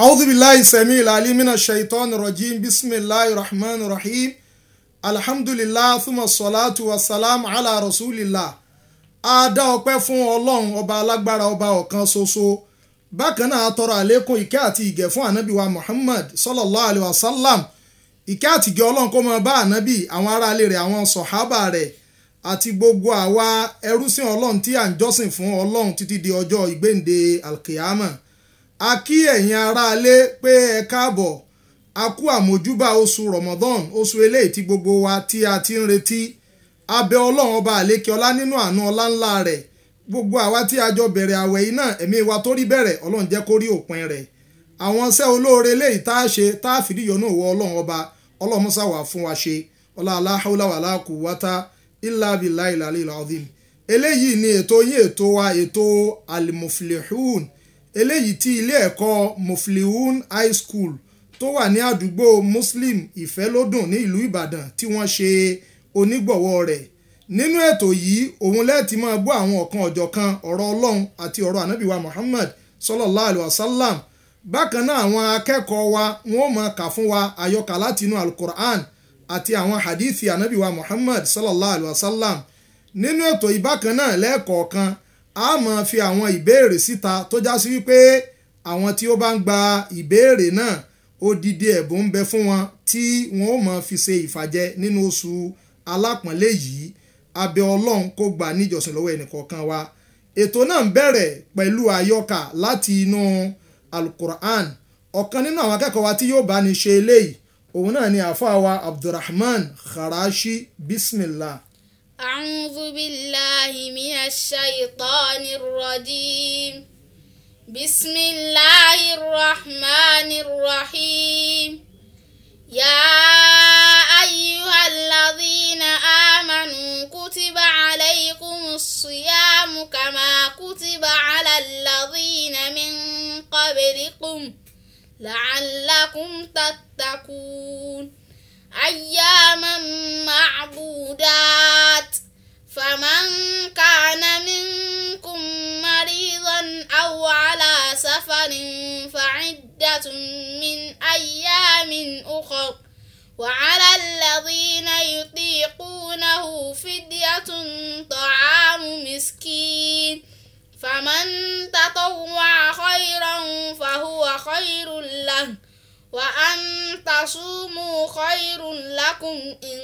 أعوذ بالله السميع العليم من الشيطان الرجيم بسم الله الرحمن الرحيم الحمد لله ثم الصلاة والسلام على رسول الله a dá ọpẹ́ fún ọlọ́run ọba alágbára ọba ọ̀kan ṣoṣo bákan náà a tọrọ àlékún ìkẹ́ àti ìgẹ̀ fún ànábì wa muhammad sallallahu alayhi wa sallam ìkẹ́ àti ìgẹ̀ ọlọ́run kó máa bá ànábì àwọn aráalé rẹ̀ àwọn sọ̀hábà rẹ̀ àti gbogbo àwa ẹrúsìn ọlọ́run tí à ń jọ́sìn fún ọlọ́run títí di ọjọ́ ìgbéǹde alkiyama a kí ẹ̀yin aráalé pé ẹ káàbọ̀ a kú àmójúbà oṣù Ramadan oṣù eléyìí tí gbogbo wa tí a ti ń retí abẹ ọlọ́run ọba àlékè ọlá nínú àánú ọlá ńlá rẹ̀ gbogbo àwa tí a jọ bẹ̀rẹ̀ àwẹ̀ yìí náà ẹ̀mí wa tó rí bẹ̀rẹ̀ ọlọ́run jẹ́ kó rí òpin rẹ̀ àwọn iṣẹ́ olóore léyìí tá a ṣe tá a fìdí yọ̀nù wọ ọlọ́run ọba ọlọ́run mọ́sá wà fún wa ṣe ọlá aláhàúlà wà láàkú wátá ilà bìlà ìlàlẹ́ ìlà ọ̀dìm eléyìí ni ètò eléyìí tí ilé ẹ̀kọ́ mufliun high school tó wà ní àdúgbò muslim ìfẹ́lódùn ní ìlú ìbàdàn tí wọ́n ṣe onígbọ̀wọ́ rẹ̀ nínú ètò yìí òun lẹ́ẹ̀tì máa gbọ́ àwọn ọ̀kan ọ̀jọ̀kan ọ̀rọ̀ ọlọ́run àti ọ̀rọ̀ ànábìwá muhammad sallallahu alayhi wa sallam bákan náà àwọn akẹ́kọ̀ọ́ wa wọn ó máa kà fún wa àyọkà láti inú alukur'an àti àwọn hadithi ànábìwá muhammad sallallahu alayhi wa sallam nínú ètò yìí bákan náà lẹ́ẹ̀kọ̀ọ̀kan a máa fi àwọn ìbéèrè síta tó já sí wípé àwọn tí ó bá ń gba ìbéèrè náà odidi ẹ̀bùn ń bẹ fún wọn tí wọn ó máa fi ṣe ìfàjẹ nínú oṣù alápọ̀nlé yìí abẹ ọlọ́run kó gbà níjọsìn lọ́wọ́ ẹnìkọ̀ọ̀kan wa ètò náà ń bẹ̀rẹ̀ pẹ̀lú àyọkà láti inú alukur'an ọ̀kan nínú àwọn akẹ́kọ̀ọ́ wa tí yóò bá ní ṣe eléyìí òun náà ni àfáà wa abdulrahman kharashi bismillah. أعوذ بالله من الشيطان الرجيم بسم الله الرحمن الرحيم يا أيها الذين آمنوا كتب عليكم الصيام كما كتب على الذين من قبلكم لعلكم تتقون أياما معبودات فمن كان منكم مريضا أو على سفر فعدة من أيام أخر وعلى الذين يطيقونه فدية طعام مسكين فمن تطوع خيرا فهو خير له وأن تصوموا خير لكم إن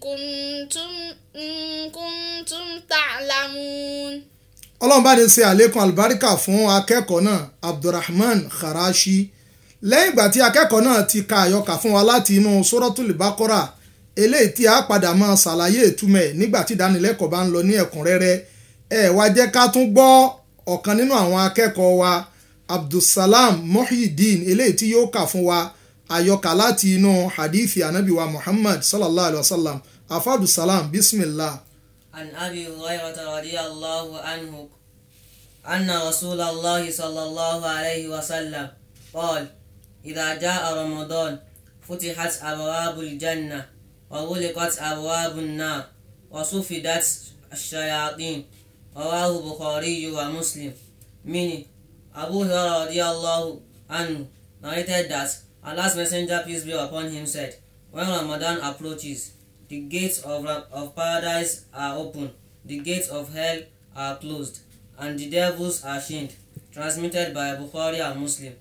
كنتم إن كنتم تعلمون. ọlọ́run bá ní ṣe àlékún àlùbáríkà fún akẹ́kọ̀ọ́ náà abdulrahman kharashi lẹ́yìn ìgbà tí akẹ́kọ̀ọ́ náà ti ka àyọkà fún wa láti inú suratul bakora eléyìí tí a padà máa ṣàlàyé ìtumọ̀ ẹ̀ nígbà tí ìdánilẹ́kọ̀ọ́ bá ń lọ ní ẹ̀kúnrẹ́rẹ́ ẹ̀ wá jẹ́ ká tún gbọ́ ọ̀kan nínú àwọn akẹ́kọ̀ọ́ wa abdulsalam muhyiddin eléyìí tí yóò kà fún wa àyọkà láti inú hadithi anabi wa muhammad sallallahu alayhi wa sallam afa abdulsalam bismillah. an abi hurairata radiyallahu anhu anna rasulallahi sallallahu alayhi wa sallam qala idha jaa ramadan فتحت أبواب الجنة وغلقت أبواب النار وصفدت الشياطين رواه البخاري ومسلم من Abu Hurairah radiallahu anhu narrated that Allah's messenger peace be upon him said, When Ramadan approaches, the gates of, of paradise are open, the gates of hell are closed, and the devils are shamed. Transmitted by Bukhari and Muslim.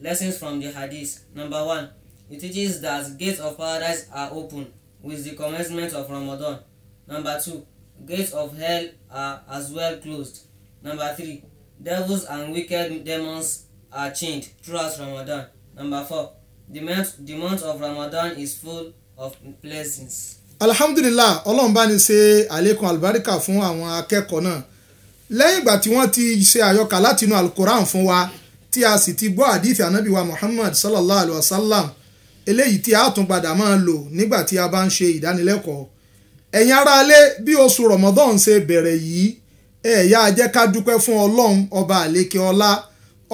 Lessons from the Hadith. Number one, it teaches that gates of paradise are open with the commencement of Ramadan. Number two, gates of hell are as well closed. Number three, Devils and wicked demons are chained throughout Ramadan. Number four, the month, the month of Ramadan is full of blessings. alhamdulillah ọlọ́run bá ní ṣe àlékún àlùbáríkà fún àwọn akẹ́kọ̀ọ́ náà lẹ́yìn ìgbà tí wọ́n ti ṣe àyọkà láti inú alukoran fún wa tí a sì ti gbọ́ àdìfẹ́ ànábì wa muhammad sallallahu alayhi wa sallam eléyìí tí a tún padà máa lò nígbà tí a bá ń ṣe ìdánilẹ́kọ̀ọ́ ẹ̀yin aráalé bí oṣù ramadan ṣe bẹ̀rẹ̀ yìí eya ajẹ́ ká dúpẹ́ fún ọlọ́run ọba àlékè ọlá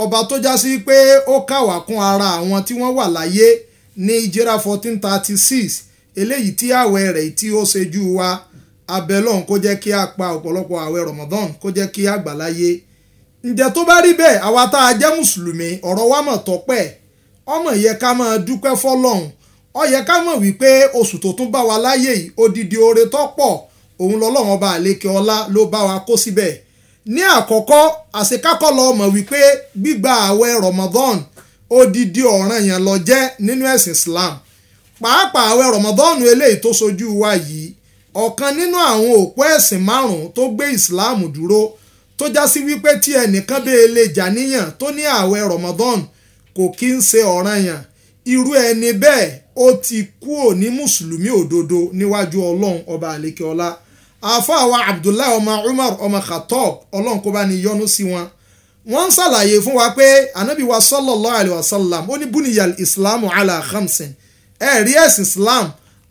ọba tó já sí pé ó kún ara àwọn tí wọ́n wà láyé ní ìjẹ́ra fourteen thirty six eléyìí tí ààwẹ̀ rẹ̀ wa abẹ́lọ́hún kó jẹ́ kí a pa ọ̀pọ̀lọpọ̀ ààwẹ̀ Ramadan kó jẹ́ kí a gbà láyé ǹjẹ́ tó bá rí bẹ́ẹ̀ àwa tá a jẹ́ mùsùlùmí ọ̀rọ̀ wa mọ̀ tọ́pẹ́ ọmọ yẹ ká dúpẹ́ fọlọ́hún yẹ ká mọ̀ wípé oṣù wa láyé yìí odidi oore òun lọ́lọ́run ọba àlékè ọlá ló bá wa kó síbẹ̀ ní àkọ́kọ́ àṣekákọ́ lọ mọ̀ wípé gbígba ààwẹ̀ Ramadan odidi ọ̀ràn yẹn ló jẹ́ nínú ẹ̀sìn Islam pàápàá ààwẹ̀ Ramadan eléyìí tó sojú wa yìí ọ̀kan nínú àwọn òpó ẹ̀sìn márùn-ún tó gbé Islam dúró tó já sí wípé tí ẹnìkan bẹ́ẹ̀ lè jà tó ní ààwẹ̀ Ramadan kò kí ń ṣe ọ̀ràn yẹn irú ẹni bẹ́ẹ̀ ó ti kúò ní mùsùlùmí òdodo níwájú ọlọ́run ọba àlekè ọlá àáfàá wa abdullahi ọmọ umar ọmọ khatob ọlọ́run kó bá ní yọ́nú sí wọn wọ́n ń ṣàlàyé fún wa pé anabi wa sallallahu alayhi wa sallam ó ní buniyal islam ala khamsin ẹ̀rí ẹ̀sìn islam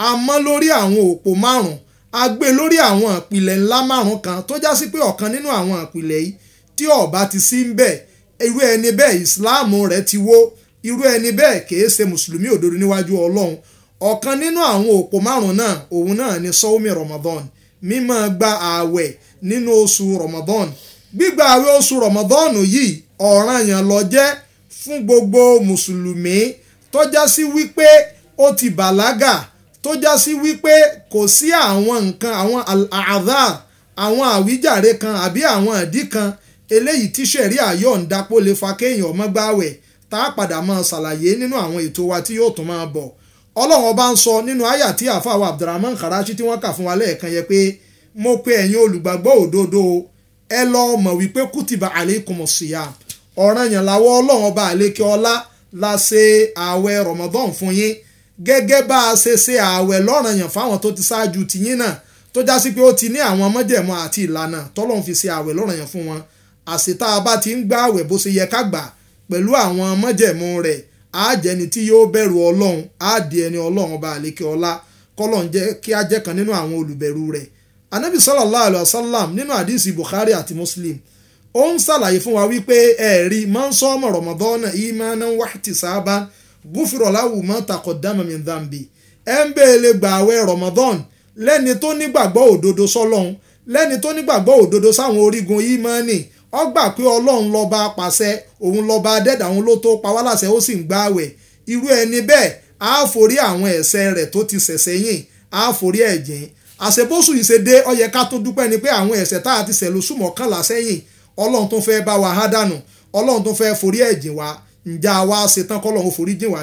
a mọ́ lórí àwọn òpó márùn-ún a gbé lórí àwọn ìpìlẹ̀ ńlá márùn-ún kan tó já sí pé ọ̀kan nínú àwọn ìpìlẹ̀ yìí tí ọba ti sí ń bẹ irú ẹni bẹ́ẹ̀ islam rẹ̀ ti wó irú ẹni bẹ́ẹ̀ kìí ṣe mùsùlùmí òdodo níwájú ọlọ́run ọ̀kan nínú àwọn òpó márùn-ún náà òun náà ni sọ́wọ́mì ramadan mímọ́ gba ààwẹ̀ nínú oṣù Ramadan gbígba ààwẹ̀ oṣù Ramadan yìí ọ̀ranyàn ló jẹ́ fún gbogbo mùsùlùmí tó já sí wípé ó ti bàlágà tó já sí wípé kò sí àwọn nǹkan àwọn àdá àwọn àwíjàre kan àbí àwọn ìdí kan eléyìí tí sẹ̀rí àyọ̀ǹda pó lè fa kéèyàn ọmọ gbáwẹ̀ tá a padà máa ṣàlàyé nínú àwọn ètò wa tí yóò tún máa bọ̀ ọlọ́run ọba ń sọ nínú àyà tí àfàwọ̀ abdulrahman karachi tí wọ́n kà fún wa lẹ́ẹ̀kan yẹ pé mo pe ẹ̀yin olùgbàgbọ́ òdodo ẹ lọ mọ̀ wípé kùtìbà alaykum siyam ọ̀ranyàn làwọ̀ ọlọ́run ọba àlékè ọlá la ṣe ààwẹ̀ ramadan fún yín gẹ́gẹ́ bá a ṣe ṣe ààwẹ̀ lọ́ranyàn fáwọn tó ti ṣáájú tìyín náà tó já sí pé ó ti ní àwọn mọ́jẹ̀mọ́ àti ìlànà tọ́lọ́run fi ṣe ààwẹ̀ lọ́ranyàn fún wọn àṣetá a bá ti ń gbá ààwẹ̀ bó ṣe yẹ ká gbà pẹ̀lú àwọn mọ́jẹ̀mọ́ rẹ̀ á jẹ́ ẹni tí yóò bẹ̀rù ọlọ́run á di ẹni ọlọ́run ọba àlékè ọlá kọ́lọ̀ ń jẹ́ kí á jẹ́ kan nínú àwọn olùbẹ̀rù rẹ̀ anabi sallallahu alayhi wa sallam nínú àdìsí bukhari àti muslim ó ń ṣàlàyé fún wa wípé ẹ̀rí máa ń sọ ọmọ rọmọdọ́nà imanan wahtisaban gufiro lahu ma taqaddama min dhanbi ẹ̀ ń bẹ́ẹ̀lẹ̀ gbààwẹ̀ rọmọdọ́n lẹ́ni tó nígbàgbọ́ òdodo sọ́lọ́hun lẹ́ni tó nígbàgbọ́ òdodo sáwọn orígun imani ọ gbà pé ọlọ́run lọ́ba apàṣẹ òun lọ́ba adẹ́dà òun ló tó pa wá láṣẹ ó sì ń irú ẹni bẹ́ẹ̀ á forí àwọn ẹsẹ rẹ̀ tó ti sẹ sẹ́yìn á forí ẹjìn àṣebóṣù ìṣedé ká tó dúpẹ́ ni pé àwọn ẹ̀ṣẹ̀ tá a ti sẹ́yìn ọlọ́run tó fẹ́ bá wa ọlọ́run tó fẹ́ forí ǹjẹ́ àwa forí jìn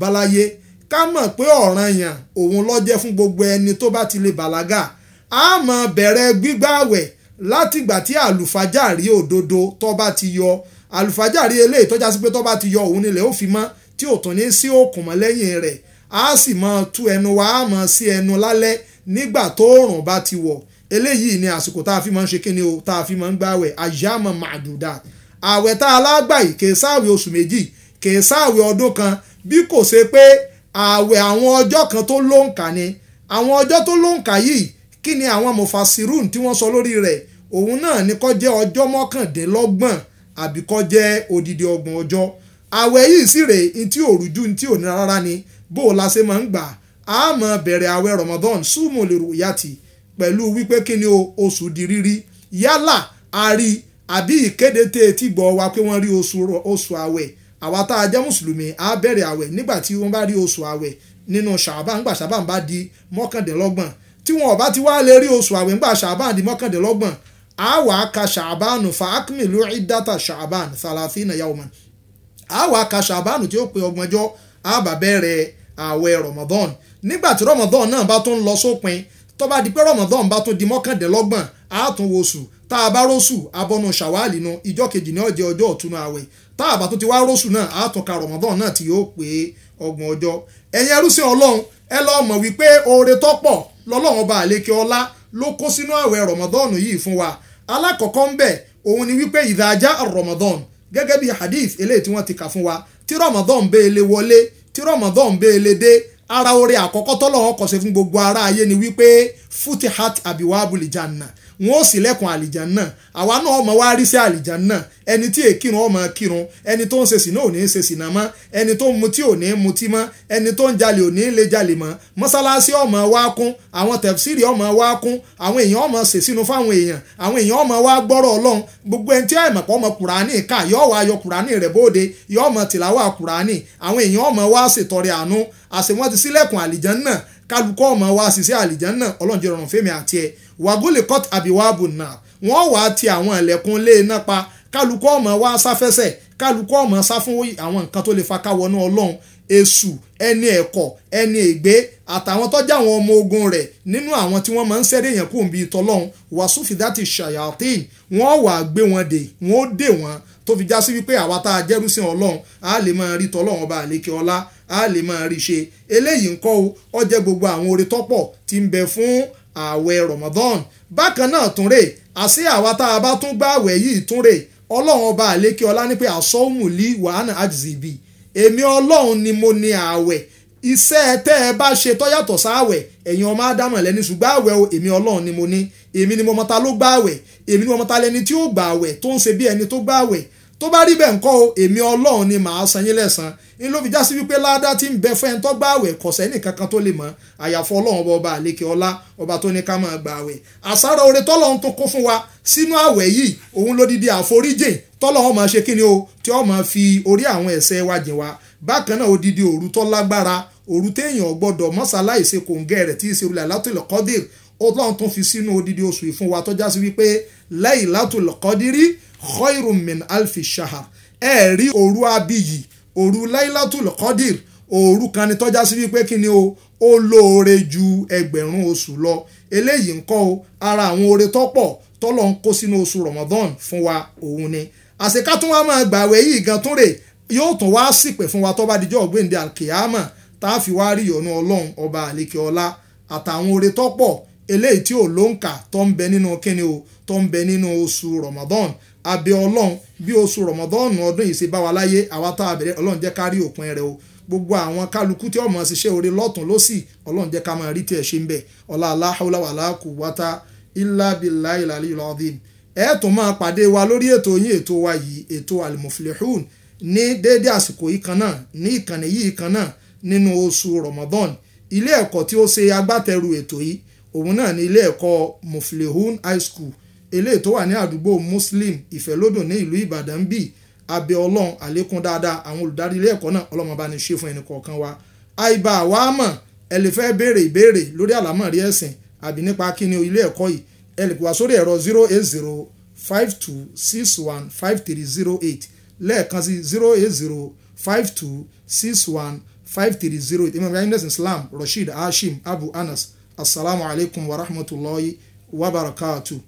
bí ká mọ̀ pé ọ̀ranyàn òun ló jẹ́ fún gbogbo ẹni tó bá ti lè bàlágà á máa bẹ̀rẹ̀ gbígbààwẹ̀ látìgbà tí àlùfájàrí òdodo tó bá ti yọ àlùfájàrí eléyìí tó já sí pé tó bá ti yọ òun nílẹ̀ ó fi mọ́ tí ò tún ní sí òkùn mọ́ lẹ́yìn rẹ̀ á sì máa tú ẹnu wa á máa sí ẹnu lálẹ́ nígbà tó òòrùn bá ti wọ̀ eléyìí ni àsìkò tá a fi máa ń ṣe kíni o tá a fi máa ń gbààwẹ̀ àyàmọ̀ màdùdà àwẹ̀ tá a lágbà kèé sáàwẹ̀ oṣù méjì kèé sáàwẹ̀ ọdún kan bí kò ṣe pé ààwẹ̀ àwọn ọjọ́ kan tó lóǹkà ni àwọn ọjọ́ tó lóǹkà yìí kí ni àwọn mufasirun tí wọ́n sọ lórí rẹ̀ òun náà ni kó jẹ́ ọjọ́ mọ́kàndínlọ́gbọ̀n àbí kó jẹ́ odidi ọgbọ̀n ọjọ́ ààwẹ̀ yìí sì rèé ntí òrùjú ntí ònira rárá ni bó o la ṣe máa ń gbà á máa bẹ̀rẹ̀ ààwẹ̀ Ramadan súnmọ́ lè rò yàtì pẹ̀lú wípé kí ni o oṣù di rírí yálà a rí àbí ìkéde tẹ́ etí gbọ́ wa pé wọ́n rí oṣù ààwẹ̀ àwa tá a jẹ́ mùsùlùmí á bẹ̀rẹ̀ àwẹ̀ nígbà tí wọ́n bá rí oṣù àwẹ̀ nínú ṣàbá ńgbà ṣàbá bá di mọ́kàndínlọ́gbọ̀n tí wọn ò bá ti wá lè rí oṣù àwẹ̀ ńgbà ṣàbá di mọ́kàndínlọ́gbọ̀n á wà á ka ṣàbánu fàákìmìlú ìdátà ṣàbánu sàlàfínà yawman á wà á ka ṣàbánu tí ó pé ọgbọ̀njọ́ á bà bẹ̀rẹ̀ àwẹ̀ rọmọdán nígbà tí rọmọdán náà bá tún lọ sópin tó bá di pé rọmọdán bá tún di mọ́kàndínlọ́gbọ̀n á tún wo oṣù tá a bá róṣù abọ́nu ṣàwálì nu ìjọ́ kejì ní ọjọ́ ọjọ́ ọ̀túnú àwẹ̀ tá àbá tó ti wá róṣù náà àtọ̀ka rọ̀mọ́dán náà tí yóò pé ọgbọ̀n ọjọ́ ẹ̀yin ẹrúsìn ọlọ́run ẹ lọ́ọ́ mọ̀ wípé oore tọ́pọ̀ lọ́lọ́run ọba àlékè ọlá ló kó sínú àwẹ̀ rọ̀mọ́dán yìí fún wa alákọ̀ọ́kọ́ ń bẹ̀ òun ni wípé ìdájá rọ̀mọ́dán gẹ́gẹ́ bí hadith eléyìí tí wọ́n ti kà fún wa tí rọ̀mọ́dán bẹ́ẹ̀ lè wọlé tí rọ̀mọ́dán bẹ́ẹ̀ lè dé ara oore àkọ́kọ́ tọ́lọ́run kó abiwabuli janna wọn ó ṣílẹ̀kùn àlìjàn náà àwa náà ọmọ wa rí sí àlìjàn náà ẹni tí èkìrun ọmọ kírun ẹni tó ń ṣe sìnà ò ní ṣe sìnà mọ́ ẹni tó ń mutí ò ní mutí mọ́ ẹni tó ń jalè ò ní lè jalè mọ́ mọ́sálásí ọmọ wa kún àwọn tẹ̀fsírì ọmọ wa kún àwọn èèyàn ọmọ ṣèṣínú fáwọn èèyàn àwọn èèyàn ọmọ wa gbọ́rọ̀ ọlọ́run gbogbo ẹni tí àìmọ̀pọ̀ ọmọ kùránì ká yọ wá yọ kùránì rẹ̀ bóde yọ ọmọ tìláwà kùránì àwọn èèyàn ọmọ wa ṣètọrẹ àánú àṣẹ wọn ti ṣílẹ̀kùn àlìjàn náà kálukọ́ ọmọ wa ṣiṣẹ́ àlìjánná ọlọ́njẹ́ rọrùn fẹ́mi àti ẹ̀ wàgólè court àbíwáàbò náà wọ́n wàá ti àwọn ẹ̀lẹ́kùn lé iná pa kálukọ́ ọmọ wa sáfẹ́sẹ̀ kálukọ́ ọmọ sá fún àwọn nǹkan tó lè fa káwọnú ọlọ́run èṣù ẹni ẹ̀kọ́ ẹni ègbé àtàwọn tọ́jà àwọn ọmọ ogun rẹ̀ nínú àwọn tí wọ́n máa ń sẹ́rí èèyàn kùn bíi tọ́lọ́run wàsúfì dátì ṣàyàtìn wọ́n wà á gbé wọn dè wọ́n dè wọ́n tó fi já sí wípé àwa tá a jẹ́rú sí ọlọ́run á lè máa rí tọ́lọ́run ọba àlékè ọlá a lè máa rí ṣe eléyìí ńkọ́ o ó jẹ́ gbogbo àwọn oore tọ́pọ̀ tí ń bẹ fún ààwẹ̀ Ramadan bákan náà tún rè àṣé àwa tá a bá tún gbá ààwẹ̀ yìí tún rè ọlọ́run ọba àlékè ọlá ní pé àsọ́wùmùlí wàhánà àjìzìbì èmi ọlọ́run ni mo ní ààwẹ̀ iṣẹ́ tẹ́ ẹ bá ṣe tó yàtọ̀ sáàwẹ̀ ẹ̀yin ọmọ ádámọ̀ lẹ́ni ṣùgbọ́n àwẹ̀ o èmi ọlọ́run ni mo ní èmi ni mo mọta ló gbààwẹ̀ èmi ni mo mọta lẹni tí ó gbààwẹ̀ tó ń ṣe bí ẹni tó gbààwẹ̀ tó bá rí bẹ́ẹ̀ ńkọ́ o èmi ọlọ́run ni màá san yín lẹ́san ni ló fi já sí wípé ládá tí ń bẹ fún ẹni tó gba àwẹ̀ kọ̀sẹ́ nìkan kan tó lè mọ̀ àyàfọ́ ọlọ́run ọba àlekè ọlá ọba tó ní ká máa gba àwẹ̀ àsáró oore tọ́lọ́run tó kó fún wa sínú àwẹ̀ yìí òun ló dìde àforíjìn tọ́lọ́run máa ṣe kíni o tí ó máa fi orí àwọn ẹ̀ṣẹ̀ wa jìn wa bákan náà odidi òru tó lágbára òru téèyàn mọ́sálá ìṣekòǹgẹ́ rẹ̀ tí ìṣerú làlátìlọ́kọ́dìrì ọlọ́run tó fi sínú odidi oṣù ìfún wa tọ́já sí wípé Laylatul Qadri khairum min alfi shahar ẹ rí òru abiyì òru Laylatul Qadr òru kan ni tọ́já sí wípé kí ni o ó lóore ju ẹgbẹ̀rún oṣù lọ eléyìí ń kọ́ o ara àwọn oore tọ́pọ̀ tọ́lọ̀ ń kó sínú oṣù Ramadan fún wa òun ni àṣekà tún wá máa gbàwé yìí gan tún rè yóò tún wá ṣìpẹ̀ fún wa tó bá dijọ́ ọ̀gbìndé alkiyama tá a fi wá rí ìyọ́nú ọlọ́run ọba àlekè àtàwọn oore tọ́pọ̀ eléyìí tí ò ló ń kà tó ń bẹ nínú kíni o tó ń bẹ nínú oṣù Ramadan abẹ ọlọ́run bí oṣù Ramadan ọdún yìí ṣe bá wa láyé àwa tá a bẹ̀rẹ̀ ọlọ́run jẹ́ ká rí òpin rẹ̀ o gbogbo àwọn kálukú tí ọmọ ṣiṣẹ́ orí lọ́tún lọ́sì ọlọ́run jẹ́ ká máa rí tiẹ̀ ṣe ń bẹ̀ ọlá la hawla wala quwwata illa billahi al-aliyyil azim ẹ tún máa pàdé wa lórí ètò yín ètò wa yìí ètò al ní déédéé àsìkò yìí kan náà ní ìkànnì yìí kan náà nínú oṣù Ramadan ilé ẹ̀kọ́ tí ó ṣe agbátẹrù ètò yìí òun náà ní ilé ẹ̀kọ́ muflehun high school eléyìí tó wà ní àdúgbò muslim ìfẹ́lódùn ní ìlú ìbàdàn bíi abẹ ọlọ́run àlékún dáadáa àwọn olùdarí ilé ẹ̀kọ́ náà ọlọ́mọba ní ṣe fún ẹnì kọ̀ọ̀kan wa àìbá wa mọ̀ ẹ lè fẹ́ béèrè ìbéèrè lórí àlámọ̀rí ẹ̀sìn àbí nípa kíni ilé ẹ̀kọ́ yìí ẹ lè wá sórí ẹ̀rọ zero eight zero five two six one five three zero eight lẹ́ẹ̀kan sí zero eight zero five two six one five three zero eight imam yahinesin islam rasheed hashim abu anas asalaamualeykum wa rahmatulahi wa barakatuh.